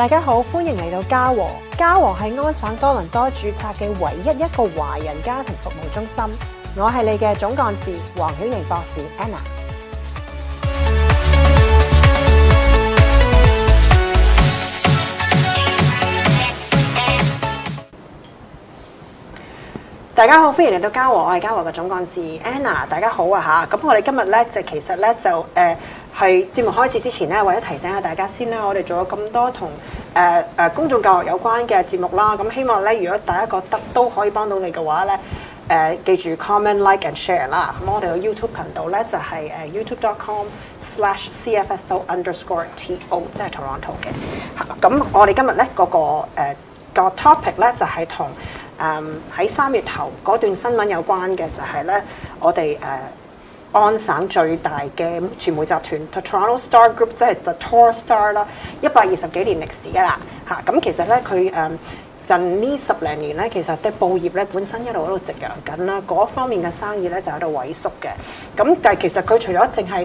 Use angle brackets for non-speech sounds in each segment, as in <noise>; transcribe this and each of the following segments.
大家好，歡迎嚟到嘉禾。嘉禾係安省多倫多註冊嘅唯一一個華人家庭服務中心。我係你嘅總幹事黃曉瑩博士 Anna, Anna。大家好，歡迎嚟到嘉禾。我係嘉禾嘅總幹事 Anna。大家好啊吓，咁我哋今日咧就其實咧就誒。呃係節目開始之前咧，為咗提醒下大家先啦。我哋做咗咁多同誒誒公眾教育有關嘅節目啦。咁、嗯、希望咧，如果大家覺得都可以幫到你嘅話咧，誒、呃、記住 comment、like and share 啦。咁、嗯、我哋嘅 YouTube 頻道咧就係、是、誒 youtube.com slash cfso underscore to 即係 Toronto 嘅。咁、嗯嗯、我哋今日咧嗰個誒、呃那個、topic 咧就係同誒喺三月頭嗰段新聞有關嘅，就係咧我哋誒。呃安省最大嘅傳媒集團、The、Toronto Star Group，即係 The Toronto Star 啦，一百二十幾年歷史噶啦嚇。咁其實咧，佢誒近呢十零年咧，其實啲、嗯、報業咧本身一路喺度夕陽緊啦，嗰方面嘅生意咧就喺度萎縮嘅。咁、嗯、但係其實佢除咗淨係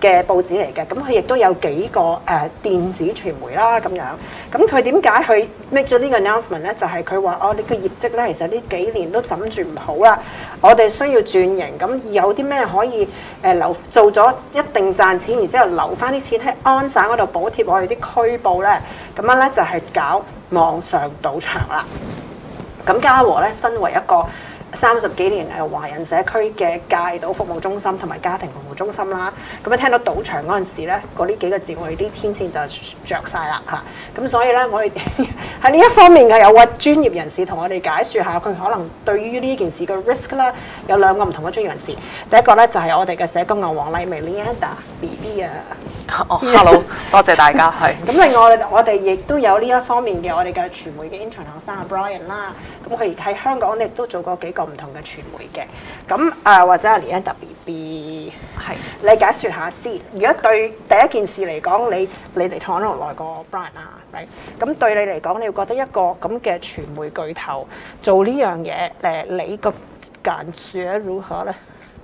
嘅報紙嚟嘅，咁佢亦都有幾個誒、呃、電子傳媒啦咁樣。咁佢點解佢 make 咗呢個 announcement 咧？就係佢話：哦，你個業績咧，其實呢幾年都枕住唔好啦。我哋需要轉型，咁有啲咩可以誒留、呃、做咗一定賺錢，然之後留翻啲錢喺安省嗰度補貼我哋啲區報咧。咁樣咧就係、是、搞網上賭場啦。咁家和咧，身為一個。三十幾年誒華人社區嘅戒賭服務中心同埋家庭服務中心啦，咁、嗯、一聽到賭場嗰陣時咧，嗰呢幾個字我哋啲天線就着晒啦嚇，咁、嗯、所以咧我哋喺呢一方面嘅有位專業人士同我哋解説下佢可能對於呢件事嘅 risk 啦，有兩個唔同嘅專業人士，第一個咧就係、是、我哋嘅社工阿王麗薇 （Linda），B B 啊，h e l l o 多謝大家，係。咁、 <laughs> 嗯、另外我哋亦都有呢一方面嘅我哋嘅傳媒嘅 intern 學生阿 Brian 啦、嗯，咁佢喺香港亦都做過幾。個唔同嘅傳媒嘅，咁啊或者係的《連英特別 B》，係你解説下先。如果對第一件事嚟講，你你哋可能來個 Brian 啊，咁對你嚟講，你會覺得一個咁嘅傳媒巨頭做呢樣嘢，誒你個感覺如何咧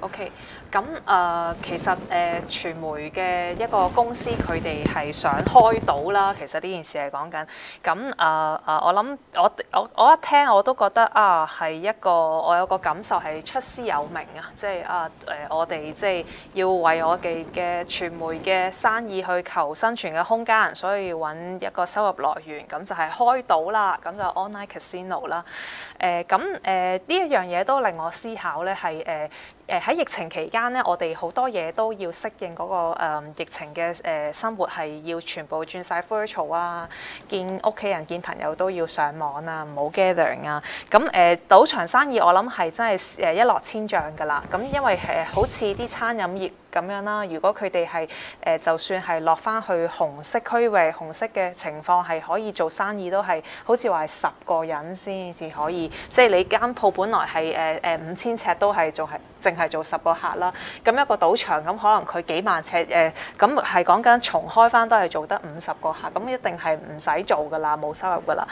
？OK。咁誒，其實誒，傳媒嘅一個公司佢哋係想開賭啦。其實呢件事係講緊。咁誒誒，我諗我我我一聽我都覺得啊，係一個我有個感受係出師有名啊，即係啊誒，我哋即係要為我哋嘅傳媒嘅生意去求生存嘅空間，所以要搵一個收入來源，咁就係開賭啦，咁就 online casino 啦。誒咁誒呢一樣嘢都令我思考呢，係誒。誒喺、呃、疫情期間咧，我哋好多嘢都要適應嗰、那個、呃、疫情嘅誒、呃、生活，係要全部轉晒 virtual 啊，見屋企人、見朋友都要上網啊，唔好 gathering 啊。咁、嗯、誒、呃，賭場生意我諗係真係誒一落千丈㗎啦。咁、嗯、因為誒、呃、好似啲餐飲業。咁樣啦，如果佢哋係誒，就算係落翻去紅色區域、紅色嘅情況，係可以做生意都係，好似話係十個人先至可以。即係你間鋪本來係誒誒五千尺都係做係淨係做十個客啦。咁一個賭場咁，可能佢幾萬尺誒，咁係講緊重開翻都係做得五十個客，咁一定係唔使做噶啦，冇收入噶啦。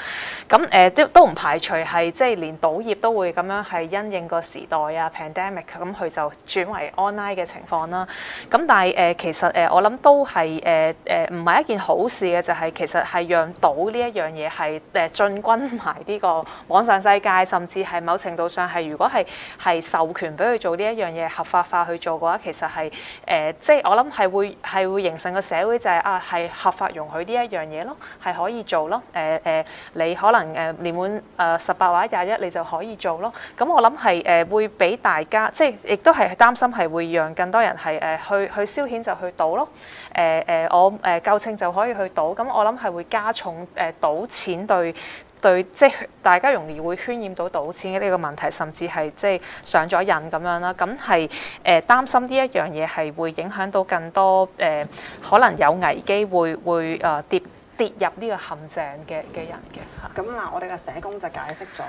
咁誒、呃、都都唔排除係即係連賭業都會咁樣係因應個時代啊，pandemic 咁佢就轉為 online 嘅情況啦。咁、嗯、但係誒、呃，其實誒、呃，我諗都係誒誒，唔、呃、係、呃、一件好事嘅，就係、是、其實係讓賭呢一樣嘢係誒進軍埋呢個網上世界，甚至係某程度上係，如果係係授權俾佢做呢一樣嘢合法化去做嘅話，其實係誒、呃，即係我諗係會係會形成個社會就係、是、啊，係合法容許呢一樣嘢咯，係可以做咯，誒、呃、誒、呃，你可能誒年滿誒十八或者廿一你就可以做咯。咁、嗯、我諗係誒會俾大家，即係亦都係擔心係會讓更多人係。誒去去消遣就去賭咯，誒誒我誒夠秤就可以去賭，咁我諗係會加重誒賭錢對對，即係大家容易會渲染到賭錢嘅呢個問題，甚至係即係上咗癮咁樣啦，咁係誒擔心呢一樣嘢係會影響到更多誒可能有危機會會啊跌。跌入呢個陷阱嘅嘅人嘅。咁嗱，我哋嘅社工就解釋咗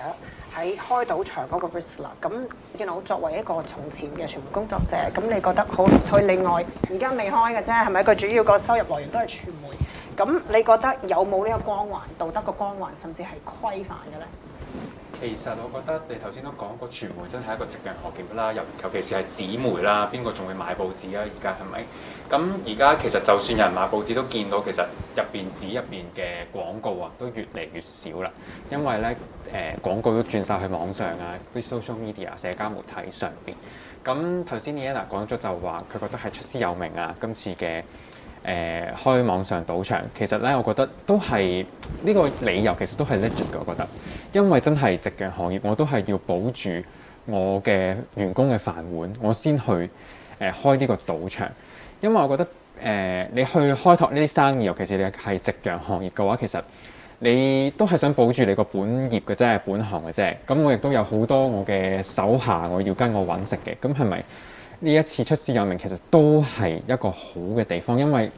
喺開賭場嗰個 risk 啦。咁見到作為一個從前嘅傳媒工作者，咁你覺得好佢另外而家未開嘅啫，係咪？佢主要個收入來源都係傳媒。咁你覺得有冇呢個光環、道德個光環，甚至係規範嘅咧？其實我覺得你頭先都講過傳媒真係一個夕陽行業啦，尤尤其是係紙媒啦，邊個仲會買報紙啊？而家係咪？咁而家其實就算有人買報紙都見到，其實入邊紙入邊嘅廣告啊，都越嚟越少啦。因為咧誒、呃、廣告都轉晒去網上啊，啲 social media、社交媒體上邊。咁頭先 n i l a 講咗就話，佢覺得係出師有名啊，今次嘅。誒、呃、開網上賭場，其實咧，我覺得都係呢、這個理由，其實都係 legit 嘅。我覺得，因為真係夕陽行業，我都係要保住我嘅員工嘅飯碗，我先去誒、呃、開呢個賭場。因為我覺得誒、呃，你去開拓呢啲生意，尤其是你係夕陽行業嘅話，其實你都係想保住你個本業嘅啫，本行嘅啫。咁我亦都有好多我嘅手下，我要跟我揾食嘅。咁係咪？呢一次出師有名，其實都係一個好嘅地方，因為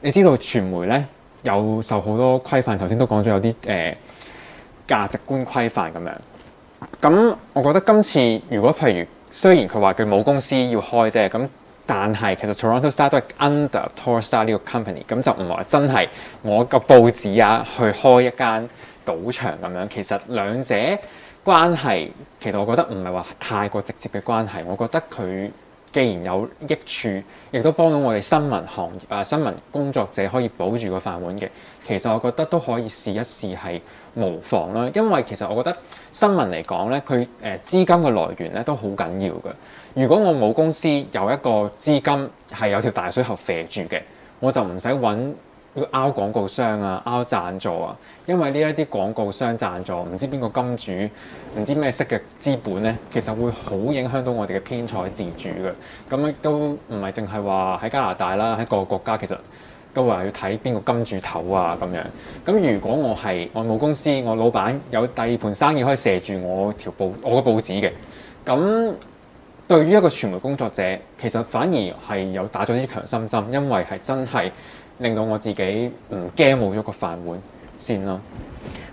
你知道傳媒呢有受好多規範，頭先都講咗有啲誒價值觀規範咁樣。咁我覺得今次如果譬如，雖然佢話佢冇公司要開啫，咁但係其實 Toronto Star 都係 Under Torstar 呢個 company，咁就唔係話真係我個報紙啊去開一間賭場咁樣。其實兩者關係，其實我覺得唔係話太過直接嘅關係。我覺得佢。既然有益處，亦都幫到我哋新聞行業啊，新聞工作者可以保住個飯碗嘅，其實我覺得都可以試一試係無妨啦。因為其實我覺得新聞嚟講呢，佢誒資金嘅來源呢都好緊要嘅。如果我冇公司有一個資金係有條大水喉肥住嘅，我就唔使揾。要拗廣告商啊，拗贊助啊，因為呢一啲廣告商贊助，唔知邊個金主，唔知咩色嘅資本呢，其實會好影響到我哋嘅編採自主嘅。咁都唔係淨係話喺加拿大啦，喺各個國家其實都話要睇邊個金主頭啊咁樣。咁如果我係外務公司，我老闆有第二盤生意可以射住我條報，我個報紙嘅。咁對於一個傳媒工作者，其實反而係有打咗啲強心針，因為係真係。令到我自己唔驚冇咗個飯碗先咯。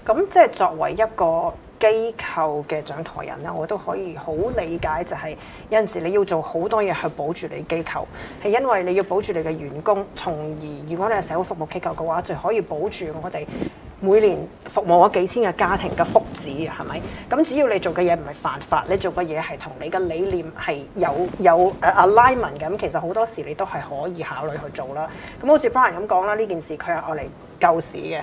咁即係作為一個機構嘅掌台人啦，我都可以好理解，就係有陣時你要做好多嘢去保住你機構，係因為你要保住你嘅員工，從而如果你係社會服務機構嘅話，就可以保住我哋。每年服務咗幾千個家庭嘅福祉啊，係咪？咁只要你做嘅嘢唔係犯法，你做嘅嘢係同你嘅理念係有有 alignment 嘅，咁、啊、其實好多時你都係可以考慮去做啦。咁好似 Brian 咁講啦，呢件事佢係愛嚟救市嘅，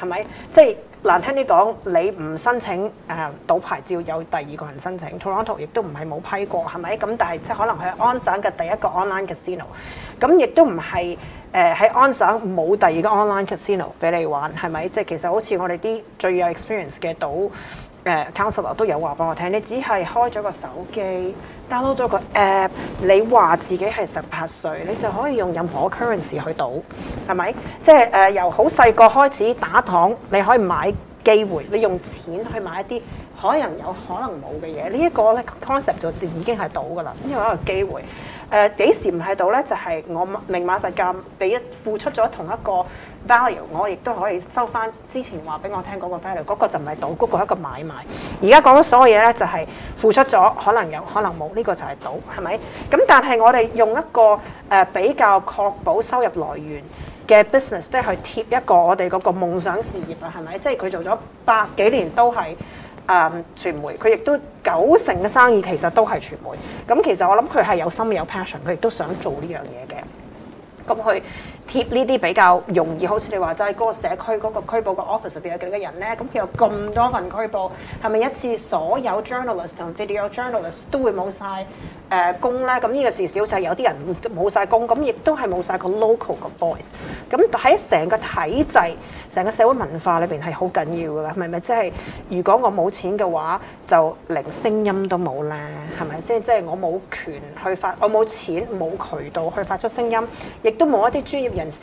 係咪？即係。難聽啲講，你唔申請誒、呃、賭牌照，有第二個人申請 Toronto 亦都唔係冇批過，係咪？咁但係即係可能係安省嘅第一個 online casino，咁亦都唔係誒喺安省冇第二個 online casino 俾你玩，係咪？即係其實好似我哋啲最有 experience 嘅賭。誒、uh, counselor 都有話俾我聽，你只係開咗個手機，download 咗個 app，你話自己係十八歲，你就可以用任何 currency 去賭，係咪？即係誒由好細個開始打糖，你可以買機會，你用錢去買一啲可能有可能冇嘅嘢，這個、呢一個咧 concept 就已經係賭噶啦，因為一個機會。誒幾、uh, 時唔係賭呢？就係、是、我明碼實價俾付出咗同一個 value，我亦都可以收翻之前話俾我聽嗰個 value。嗰個就唔係賭，嗰、那個係一個買賣。而家講咗所有嘢呢，就係、是、付出咗可能有可能冇呢、這個就係賭，係咪？咁但係我哋用一個誒、呃、比較確保收入來源嘅 business 咧，去貼一個我哋嗰個夢想事業啊，係咪？即係佢做咗百幾年都係。誒，um, 傳媒佢亦都九成嘅生意其實都係傳媒，咁、嗯、其實我諗佢係有心有 passion，佢亦都想做呢樣嘢嘅，咁去、嗯、貼呢啲比較容易，好似你話齋嗰個社區嗰個區報個 office 入邊有幾個人咧，咁、嗯、佢、嗯、有咁多份區報，係咪一次所有 journalist 同 video journalist 都會冇晒？誒工咧，咁呢個事少曬，有啲人冇晒工，咁亦都係冇晒個 local 嘅 voice。咁喺成個體制、成個社會文化裏邊係好緊要㗎。係咪？即係如果我冇錢嘅話，就連聲音都冇咧，係咪先？即係我冇權去發，我冇錢，冇渠道去發出聲音，亦都冇一啲專業人士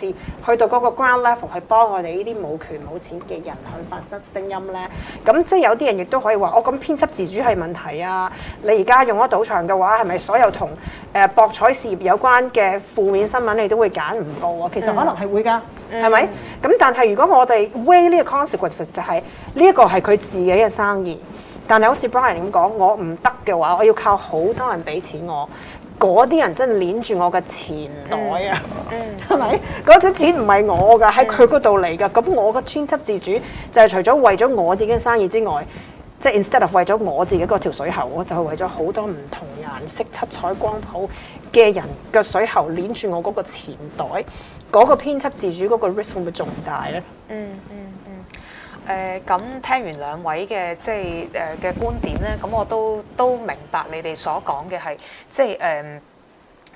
去到嗰個 ground level 去幫我哋呢啲冇權冇錢嘅人去發出聲音咧。咁即係有啲人亦都可以話：哦，咁編輯自主係問題啊！你而家用咗賭場嘅話，係咪？所有同誒博彩事業有關嘅負面新聞，你都會揀唔到啊！其實可能係會㗎，係咪、mm.？咁但係如果我哋 weigh 呢個 consequence，就係呢一個係佢自己嘅生意。但係好似 Brian 咁講，我唔得嘅話，我要靠好多人俾錢我。嗰啲人真係捻住我嘅錢袋啊！係咪、mm. mm.？嗰啲錢唔係我㗎，喺佢嗰度嚟㗎。咁我嘅編輯自主就係除咗為咗我自己嘅生意之外。即係 instead of 為咗我自己嗰條水喉，我就係為咗好多唔同顏色七彩光譜嘅人嘅水喉連住我嗰個錢袋，嗰、那個編輯自主嗰個 risk 會唔會仲大咧、嗯？嗯嗯嗯。誒、呃，咁、嗯、聽完兩位嘅即係誒嘅觀點咧，咁、嗯、我都都明白你哋所講嘅係即係誒。呃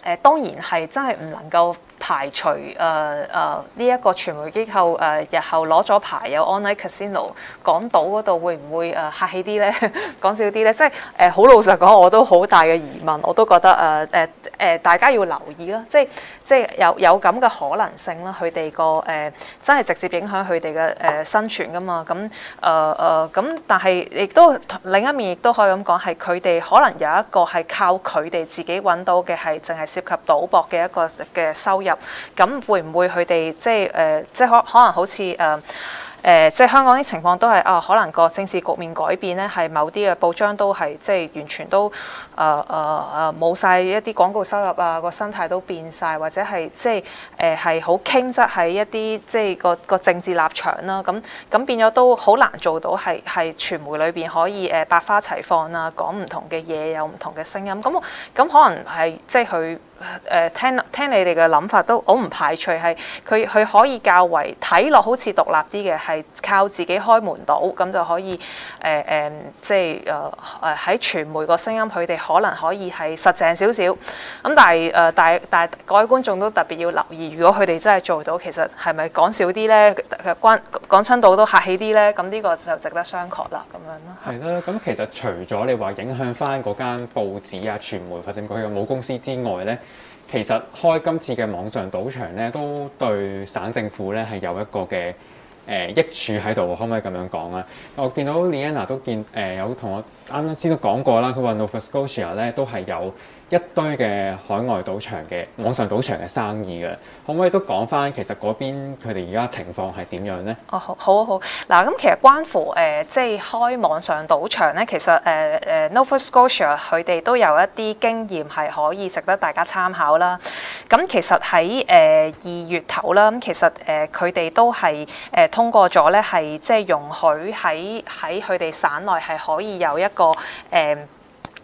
誒當然係真係唔能夠排除誒誒呢一個傳媒機構誒、呃、日後攞咗牌有 online casino 港島嗰度會唔會誒、呃、客氣啲咧 <laughs> 講少啲咧？即係誒好老實講，我都好大嘅疑問，我都覺得誒誒誒大家要留意啦，即係即係有有咁嘅可能性啦，佢哋個誒真係直接影響佢哋嘅誒生存噶嘛？咁誒誒咁，但係亦都另一面亦都可以咁講，係佢哋可能有一個係靠佢哋自己揾到嘅係淨係。涉及賭博嘅一個嘅收入，咁會唔會佢哋即係誒，即係、呃、可可能好似誒。呃誒、呃，即係香港啲情況都係啊、呃，可能個政治局面改變咧，係某啲嘅報章都係即係完全都誒誒誒冇晒一啲廣告收入啊，個生態都變晒，或者係即係誒係好傾側喺一啲即係個個政治立場啦，咁、啊、咁變咗都好難做到係係傳媒裏邊可以誒百花齊放啊，講唔同嘅嘢有唔同嘅聲音，咁、嗯、咁、嗯嗯、可能係即係佢。誒、uh, 聽聽你哋嘅諗法都好唔排除係佢佢可以較為睇落好似獨立啲嘅，係靠自己開門到咁就可以誒誒、呃嗯，即係誒誒喺傳媒個聲音，佢哋可能可以係實淨少少。咁但係誒、呃、但但係，各位觀眾都特別要留意，如果佢哋真係做到，其實係咪講少啲咧？關講親到都客氣啲咧？咁呢個就值得商榷啦。咁樣咯。係啦，咁其實除咗你話影響翻嗰間報紙啊、傳媒或者佢嘅母公司之外咧。其實開今次嘅網上賭場咧，都對省政府咧係有一個嘅誒、呃、益處喺度，可唔可以咁樣講啊？我見到 Liana 都見誒、呃、有同我啱啱先都講過啦，佢話 Nova Scotia 咧都係有。一堆嘅海外賭場嘅網上賭場嘅生意嘅，可唔可以都講翻其實嗰邊佢哋而家情況係點樣呢？哦，好好好，嗱，咁其實關乎誒，即係開網上賭場咧，其實誒誒，Nova Scotia 佢哋都有一啲經驗係可以值得大家參考啦。咁其實喺誒二月頭啦，咁其實誒佢哋都係誒通過咗咧，係即係容許喺喺佢哋省內係可以有一個誒。呃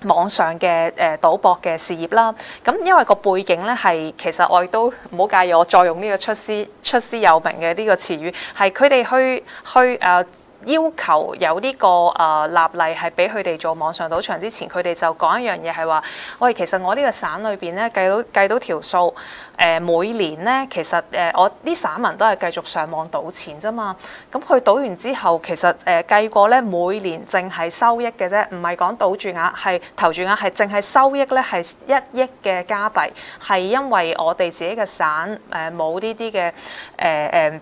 網上嘅誒賭博嘅事業啦，咁因為個背景咧係其實我亦都唔好介意我再用呢個出師出師有名嘅呢個詞語，係佢哋去去誒。Uh, 要求有呢、這個誒、呃、立例係俾佢哋做網上賭場之前，佢哋就講一樣嘢係話，喂，其實我呢個省裏邊咧計到計到條數，誒、呃、每年咧其實誒、呃、我啲省民都係繼續上網賭錢啫嘛。咁佢賭完之後，其實誒計、呃、過咧每年淨係收益嘅啫，唔係講賭注額，係投注額係淨係收益咧係一億嘅加幣，係因為我哋自己嘅省誒冇呢啲嘅誒誒。呃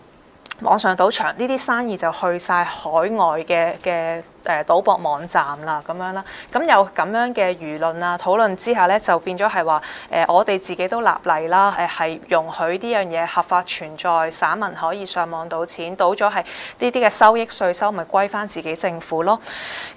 網上賭場呢啲生意就去晒海外嘅嘅誒賭博網站啦，咁樣啦，咁有咁樣嘅輿論啊、討論之下呢，就變咗係話誒，我哋自己都立例啦，誒、呃、係容許呢樣嘢合法存在，市民可以上網賭錢，賭咗係呢啲嘅收益稅收咪歸翻自己政府咯。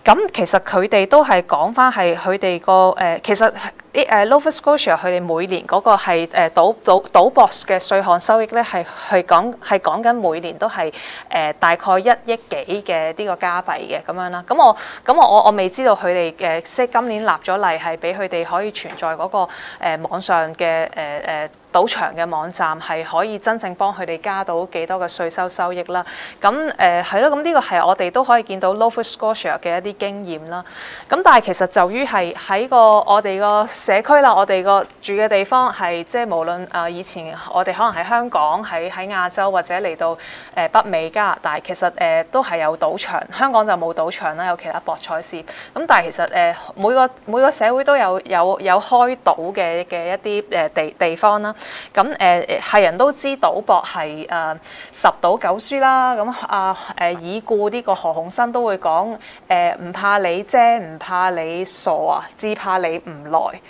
咁其實佢哋都係講翻係佢哋個誒，其實。啲誒 Nova、uh, Scotia 佢哋每年嗰個係誒賭賭賭博嘅稅項收益咧，係係講係講緊每年都係誒、呃、大概一億幾嘅呢個加幣嘅咁樣啦。咁我咁我我我未知道佢哋誒即係今年立咗例係俾佢哋可以存在嗰、那個誒、呃、網上嘅誒誒。呃呃賭場嘅網站係可以真正幫佢哋加到幾多嘅稅收收益啦。咁誒係咯，咁、呃、呢、嗯這個係我哋都可以見到 Nova Scotia 嘅一啲經驗啦。咁但係其實就於係喺個我哋個社區啦，我哋個住嘅地方係即係無論誒、呃、以前我哋可能喺香港、喺喺亞洲或者嚟到誒、呃、北美加拿大，其實誒、呃、都係有賭場。香港就冇賭場啦，有其他博彩事。咁但係其實誒、呃、每個每個社會都有有有，有開賭嘅嘅一啲誒地地方啦。咁誒，誒、嗯，客人都知賭博係誒、呃、十賭九輸啦。咁、嗯、啊，誒，已故呢個何鴻燊都會講：誒、呃，唔怕你精，唔怕你傻啊，只怕你唔來。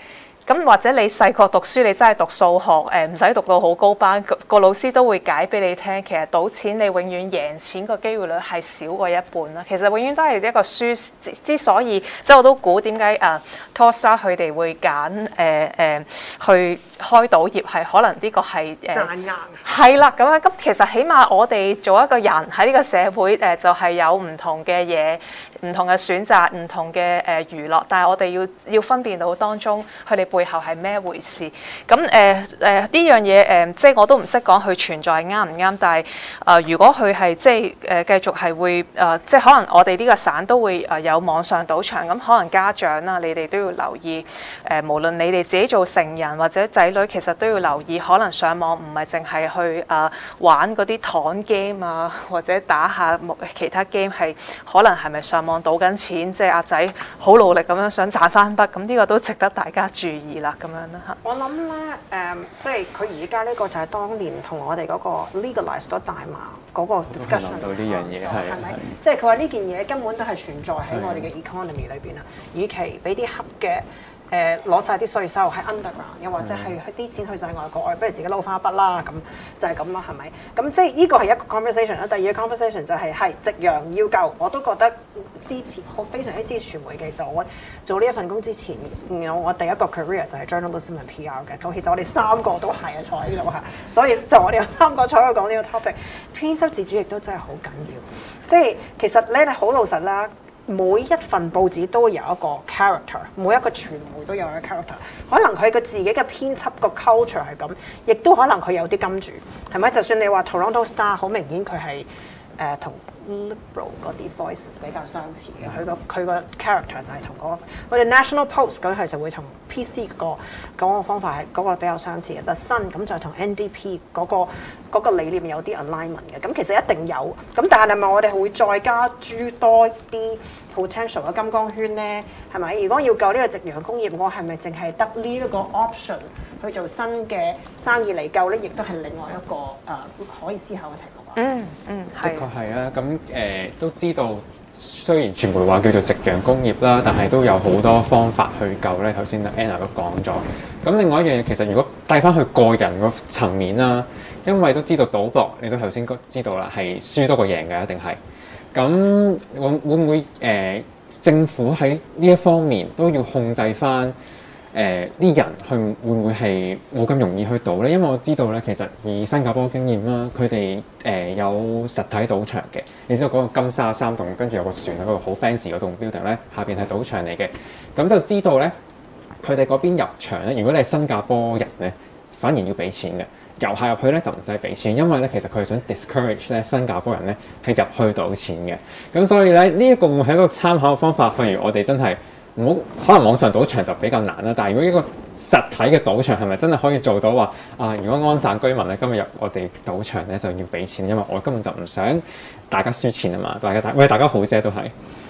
咁或者你細個讀書，你真係讀數學，誒唔使讀到好高班個，個老師都會解俾你聽。其實賭錢你永遠贏錢個機會率係少過一半啦。其實永遠都係一個輸。之所以即係我都估點解 Torstar 佢哋會揀誒誒去開賭業，係可能呢個係誒賺硬。係啦，咁啊，咁其實起碼我哋做一個人喺呢個社會誒、呃，就係、係、有唔同嘅嘢，唔同嘅選擇，唔同嘅誒娛樂，但係我哋要要分辨到當中佢哋背。背後係咩回事？咁誒誒呢樣嘢誒即係我都唔識講佢存在啱唔啱，但係誒、呃、如果佢係即係誒、呃、繼續係會誒、呃、即係可能我哋呢個省都會誒有網上賭場，咁可能家長啦，你哋都要留意誒、呃、無論你哋自己做成人或者仔女，其實都要留意，可能上網唔係淨係去誒、呃、玩嗰啲糖 game 啊，或者打下其他 game，係可能係咪上網賭緊錢即係、啊、阿仔好努力咁樣想賺翻筆，咁呢個都值得大家注意。啦咁樣啦吓，我諗咧誒，即係佢而家呢個就係當年同我哋嗰個 legalise 咗大麻嗰個 discussion。諗到呢樣嘢係咪？是是即係佢話呢件嘢根本都係存在喺我哋嘅 economy 裏邊啊？與其俾啲恰嘅。誒攞晒啲稅收喺 underground，又或者係去啲錢去曬外國，我、mm hmm. 不如自己撈翻一筆啦，咁就係咁啦，係咪？咁即係呢個係一個 conversation 啦。第二個 conversation 就係係夕陽要救，我都覺得支持，我非常之支持傳媒嘅。其實我做呢一份工之前，有我第一個 career 就係 journalism and PR 嘅。咁其實我哋三個都係啊，坐喺呢度嚇。所以就我哋有三個坐喺度講呢個 topic，編輯自主亦都真係好緊要。即係其實咧，你好老實啦。每一份報紙都有一個 character，每一個傳媒都有一個 character。可能佢個自己嘅編輯個 culture 係咁，亦都可能佢有啲金主，係咪？就算你話 Toronto Star，好明顯佢係誒同、呃、liberal 嗰啲 voices 比較相似嘅，佢個佢個 character 就係同嗰個。或者 National Post 嗰啲係就會同 PC 個講個方法係嗰、那個比較相似嘅，The Sun 咁就同 NDP 嗰、那個。嗰個理念有啲 alignment 嘅，咁其實一定有咁，但係係咪我哋會再加諸多啲 potential 嘅金剛圈咧？係咪？如果要救呢個夕陽工業，我係咪淨係得呢一個 option 去做新嘅生意嚟救咧？亦都係另外一個誒可以思考嘅題目啊。嗯嗯，係的確係啊。咁誒都知道，雖然傳媒話叫做夕陽工業啦，但係都有好多方法去救咧。頭先 Anna 都講咗。咁另外一樣嘢，其實如果帶翻去個人個層面啦。因為都知道賭博，你都頭先都知道啦，係輸多過贏嘅，一定係咁。會會唔會誒政府喺呢一方面都要控制翻誒啲人去，會唔會係冇咁容易去賭咧？因為我知道咧，其實以新加坡經驗啦，佢哋誒有實體賭場嘅，你知我講個金沙三棟，跟住有個船喺嗰度好 fancy 嗰棟 building 咧，下邊係賭場嚟嘅。咁就知道咧佢哋嗰邊入場咧，如果你係新加坡人咧，反而要俾錢嘅。遊客入去咧就唔使俾錢，因為咧其實佢係想 discourage 咧新加坡人咧係入去賭錢嘅。咁所以咧呢一、這個係一個參考嘅方法，譬如我哋真係唔好可能網上賭場就比較難啦。但係如果一個實體嘅賭場係咪真係可以做到話啊？如果安省居民咧今日入我哋賭場咧就要俾錢，因為我根本就唔想大家輸錢啊嘛。大家大為大家好啫，都係。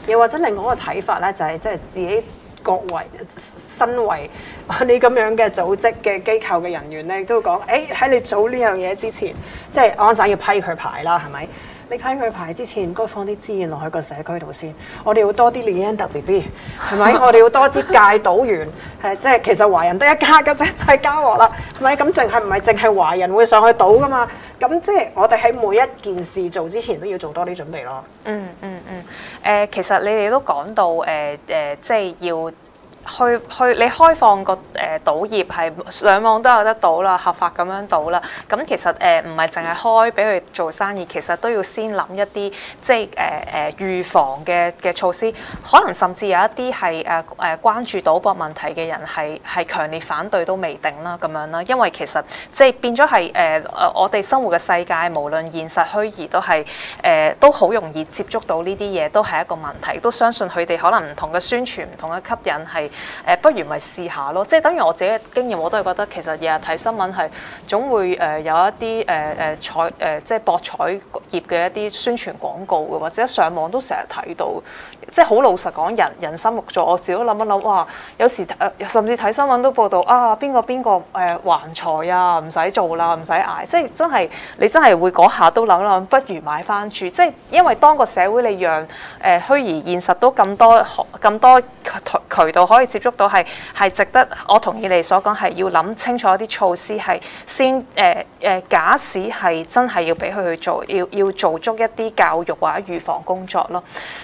又或者另外一個睇法咧、就係，就係即係自己。各位身為你咁樣嘅組織嘅機構嘅人員咧，都講：，誒、哎、喺你做呢樣嘢之前，即係安省要批佢牌啦，係咪？你批佢牌之前，應該放啲資源落去個社區度先。我哋要多啲年輕特別 B，係咪？我哋要多啲戒賭員，誒， <laughs> 即係其實華人都一家嘅啫，就係家和啦，係咪？咁淨係唔係淨係華人會上去賭噶嘛？咁即係我哋喺每一件事做之前都要做多啲準備咯。嗯。嗯嗯嗯。誒、呃，其實你哋都講到，誒誒、呃呃，即係要。去去你開放個誒、呃、賭業係上網都有得賭啦，合法咁樣賭啦。咁其實誒唔係淨係開俾佢做生意，其實都要先諗一啲即係誒誒預防嘅嘅措施。可能甚至有一啲係誒誒關注賭博問題嘅人係係強烈反對都未定啦咁樣啦，因為其實即係變咗係誒誒我哋生活嘅世界，無論現實虛擬都係誒、呃、都好容易接觸到呢啲嘢，都係一個問題。都相信佢哋可能唔同嘅宣傳、唔同嘅吸引係。呃、不如咪試下咯，即係等於我自己嘅經驗，我都係覺得其實日日睇新聞係總會誒有一啲誒誒彩誒即係博彩業嘅一啲宣傳廣告嘅，或者上網都成日睇到，即係好老實講，人人心目中我成日都諗一諗，哇！有時、呃、甚至睇新聞都報道啊，邊個邊個誒橫財啊，唔使做啦，唔使捱，即係真係你真係會嗰下都諗一諗，不如買翻住，即係因為當個社會你讓誒虛擬現實都咁多咁多渠道可可以接觸到係係值得，我同意你所講係要諗清楚一啲措施係先誒誒，假使係真係要俾佢去做，要要做足一啲教育或者預防工作咯。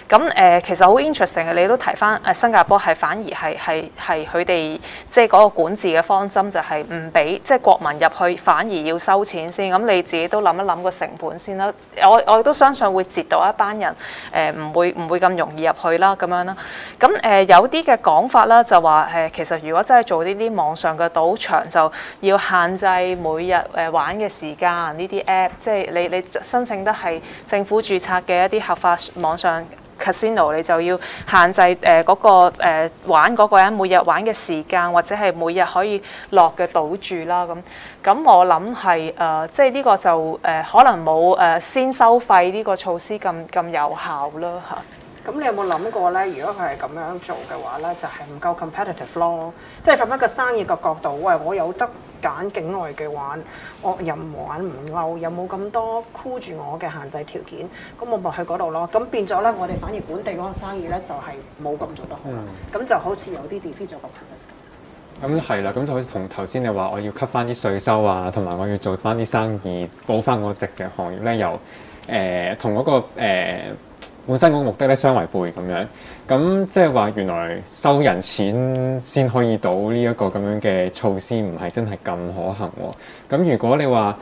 咁誒，其實好 interesting 嘅，你都提翻誒新加坡係反而係係係佢哋即係嗰個管治嘅方針就係唔俾即係國民入去，反而要收錢先。咁你自己都諗一諗個成本先啦。我我亦都相信會截到一班人誒，唔會唔會咁容易入去啦咁樣啦。咁誒有啲嘅講法。啦就話誒，其實如果真係做呢啲網上嘅賭場，就要限制每日誒、呃、玩嘅時間。呢啲 App 即係你你申請得係政府註冊嘅一啲合法網上 casino，你就要限制誒嗰、呃那個、呃、玩嗰個人每日玩嘅時間，或者係每日可以落嘅賭注啦。咁咁我諗係誒，即係呢個就誒、呃、可能冇誒、呃、先收費呢個措施咁咁有效囉嚇。咁你有冇諗過咧？如果佢係咁樣做嘅話咧，就係、是、唔夠 competitive 咯。即係從一個生意個角度，喂，我有得揀境外嘅玩，我又玩唔嬲，又冇咁多箍住我嘅限制條件，咁、嗯、我咪去嗰度咯。咁變咗咧，我哋反而本地嗰個生意咧就係冇咁做得好啦。咁、嗯、就好似有啲 defeat 咗個 business 咁。咁係啦，咁就好似同頭先你話，我要 cut 翻啲稅收啊，同埋我要做翻啲生意，補翻我值嘅行業咧，由誒同嗰個、呃本身個目的咧相違背咁樣，咁、嗯、即係話原來收人錢先可以到呢一個咁樣嘅措施、哦，唔係真係咁可行喎。咁如果你話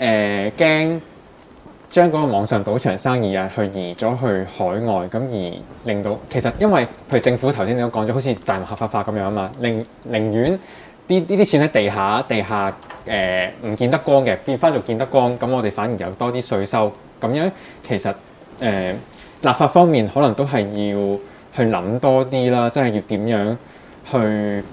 誒驚將嗰個網上賭場生意啊，去移咗去海外，咁、嗯、而令到其實因為譬如政府頭先你都講咗，好似大麻合法化咁樣啊嘛，寧寧願啲呢啲錢喺地下地下誒唔、呃、見得光嘅，變翻又見得光，咁我哋反而有多啲稅收咁樣。其實誒。呃立法方面可能都係要去諗多啲啦，即係要點樣去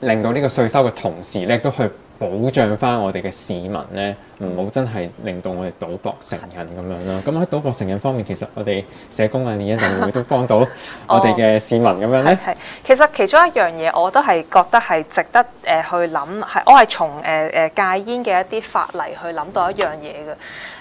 令到呢個稅收嘅同時咧，都去保障返我哋嘅市民咧，唔好真係令到我哋賭博成癮咁樣咯。咁喺賭博成癮方面，其實我哋社工嘅力量會唔會都幫到我哋嘅市民咁樣咧？係、哦，其實其中一樣嘢我都係覺得係值得誒、呃、去諗，係我係從誒誒、呃、戒煙嘅一啲法例去諗到一樣嘢嘅，誒、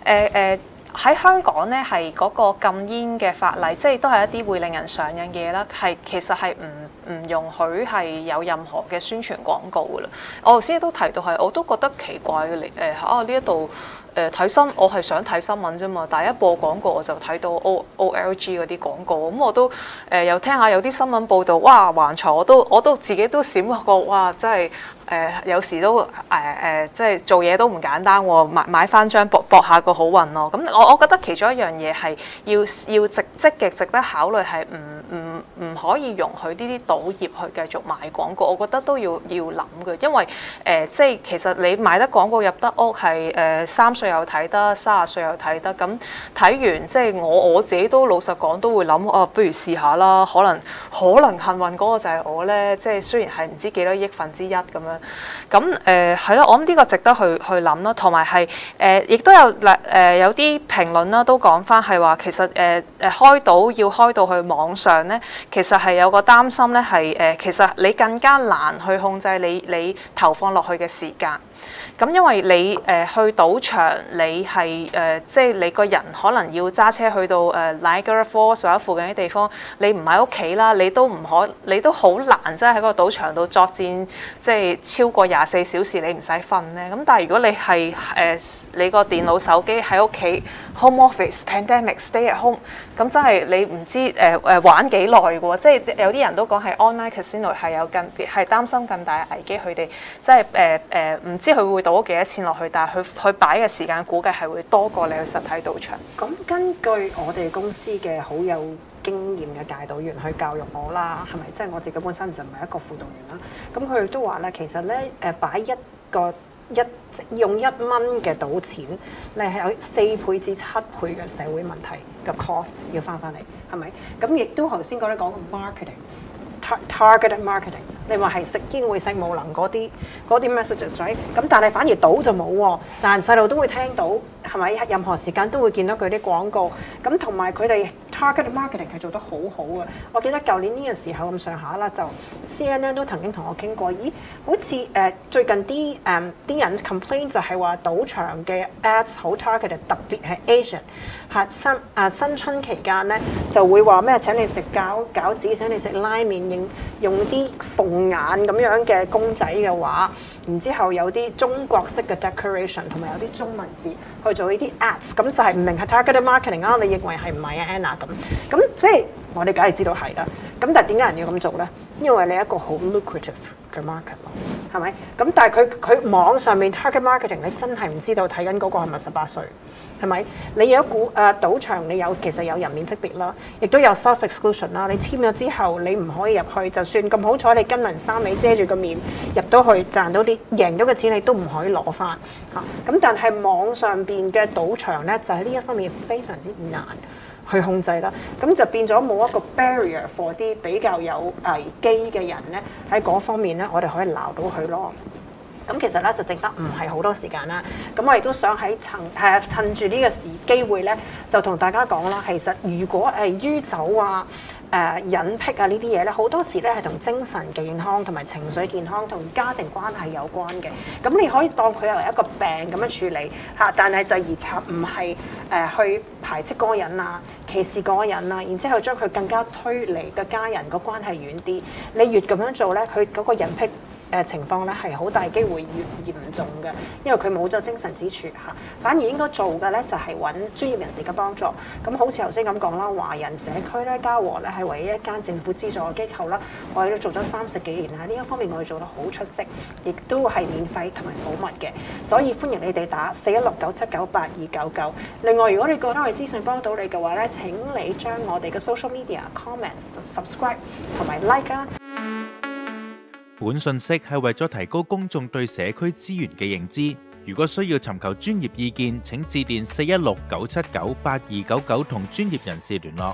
呃、誒。呃喺香港咧，係嗰個禁煙嘅法例，即係都係一啲會令人上癮嘅嘢啦。係其實係唔唔容許係有任何嘅宣傳廣告噶啦。我頭先都提到係，我都覺得奇怪嘅嚟誒啊！呢一度誒睇新，我係想睇新聞啫嘛，但一播廣告我就睇到 O OLG 嗰啲廣告，咁、嗯、我都誒、呃、又聽下有啲新聞報導，哇！橫財我都我都自己都閃過哇，真係～誒、呃、有時都誒誒、呃呃，即係做嘢都唔簡單喎、哦，買買翻張博博，博下個好運咯、哦。咁、嗯、我我覺得其中一樣嘢係要要值積極值得考慮係唔唔唔可以容許呢啲賭業去繼續賣廣告。我覺得都要要諗嘅，因為誒、呃、即係其實你買得廣告入得屋係誒三歲又睇得，三十歲又睇得。咁、嗯、睇完即係我我自己都老實講都會諗啊，不如試下啦。可能可能幸運嗰個就係我咧，即係雖然係唔知幾多億分之一咁樣。咁誒，係咯、呃，我諗呢個值得去去諗咯，同埋係誒，亦、呃、都有誒、呃，有啲評論啦，都講翻係話其實誒，誒、呃，開到要開到去網上咧，其實係有個擔心咧，係誒、呃，其實你更加難去控制你你投放落去嘅時間。咁因為你誒、呃、去賭場，你係誒、呃，即係你個人可能要揸車去到誒 Niagara、呃、Falls 或者附近啲地方，你唔喺屋企啦，你都唔可，你都好難，即係喺個賭場度作戰，即係超過廿四小時，你唔使瞓咧。咁但係如果你係誒、呃、你個電腦手機喺屋企，Home Office Pandemic Stay at Home，咁真係你唔知誒誒、呃、玩幾耐㗎喎，即係有啲人都講係 Online Casino 係有更係擔心更大嘅危機，佢哋即係誒誒唔知佢會。攞幾多，多錢落去，但係佢佢擺嘅時間估計係會多過你去實體賭場。咁、嗯、根據我哋公司嘅好有經驗嘅戒賭員去教育我啦，係咪？即係我自己本身就唔係一個輔導員啦。咁佢亦都話咧，其實咧誒，擺一個一用一蚊嘅賭錢，你係有四倍至七倍嘅社會問題嘅 cost 要翻翻嚟，係咪？咁亦都頭先嗰啲講 marketing。target marketing，你話係食煙會性無能嗰啲嗰啲 messages 咁、right? 但係反而倒就冇喎，但係細路都會聽到，係咪？任何時間都會見到佢啲廣告，咁同埋佢哋。Target marketing 係做得好好啊！我記得舊年呢個時候咁上下啦，就 CNN 都曾經同我傾過，咦？好似誒、uh, 最近啲誒啲人 complain 就係話賭場嘅 ads 好 target 特別係 Asian，係新啊、uh, 新春期間咧就會話咩請你食餃餃子，請你食拉麵，用用啲鳳眼咁樣嘅公仔嘅話。然之後有啲中國式嘅 decoration，同埋有啲中文字去做呢啲 ads，咁就係唔明係 target marketing 啊？你認為係唔係啊，Anna？咁咁即係我哋梗係知道係啦。咁但係點解人要咁做咧？因為你一個好 lucrative 嘅 market 囉，係咪？咁但係佢佢網上面 target marketing，你真係唔知道睇緊嗰個係咪十八歲。係咪？你有一股誒、呃、賭場，你有其實有人面識別啦，亦都有 self exclusion 啦。你簽咗之後，你唔可以入去。就算咁好彩，你跟人三尾遮住個面入到去賺到啲贏咗嘅錢，你都唔可以攞翻吓。咁、啊、但係網上邊嘅賭場咧，就喺、是、呢一方面非常之難去控制啦。咁就變咗冇一個 barrier for 啲比較有危機嘅人咧，喺嗰方面咧，我哋可以鬧到佢咯。咁其實咧就剩翻唔係好多時間啦。咁我亦都想喺、呃、趁誒趁住呢個時機會咧，就同大家講啦。其實如果係酗酒啊、誒隱癖啊呢啲嘢咧，好多時咧係同精神健康同埋情緒健康同家庭關係有關嘅。咁你可以當佢係一個病咁樣處理嚇、啊，但係就而家唔係誒去排斥嗰個人啊、歧視嗰個人啊，然之後將佢更加推離個家人個關係遠啲。你越咁樣做咧，佢嗰個隱癖。誒、呃、情況咧係好大機會越嚴重嘅，因為佢冇咗精神支柱嚇、啊，反而應該做嘅咧就係、是、揾專業人士嘅幫助。咁、啊、好似頭先咁講啦，華人社區咧，家和咧係唯一一間政府資助嘅機構啦、啊。我哋都做咗三十幾年啦，呢、啊、一方面我哋做得好出色，亦都係免費同埋保密嘅，所以歡迎你哋打四一六九七九八二九九。另外，如果你覺得我哋資訊幫到你嘅話咧，請你將我哋嘅 social media comments subscribe s 同埋 like、啊。本信息係為咗提高公眾對社區資源嘅認知。如果需要尋求專業意見，請致電四一六九七九八二九九同專業人士聯絡。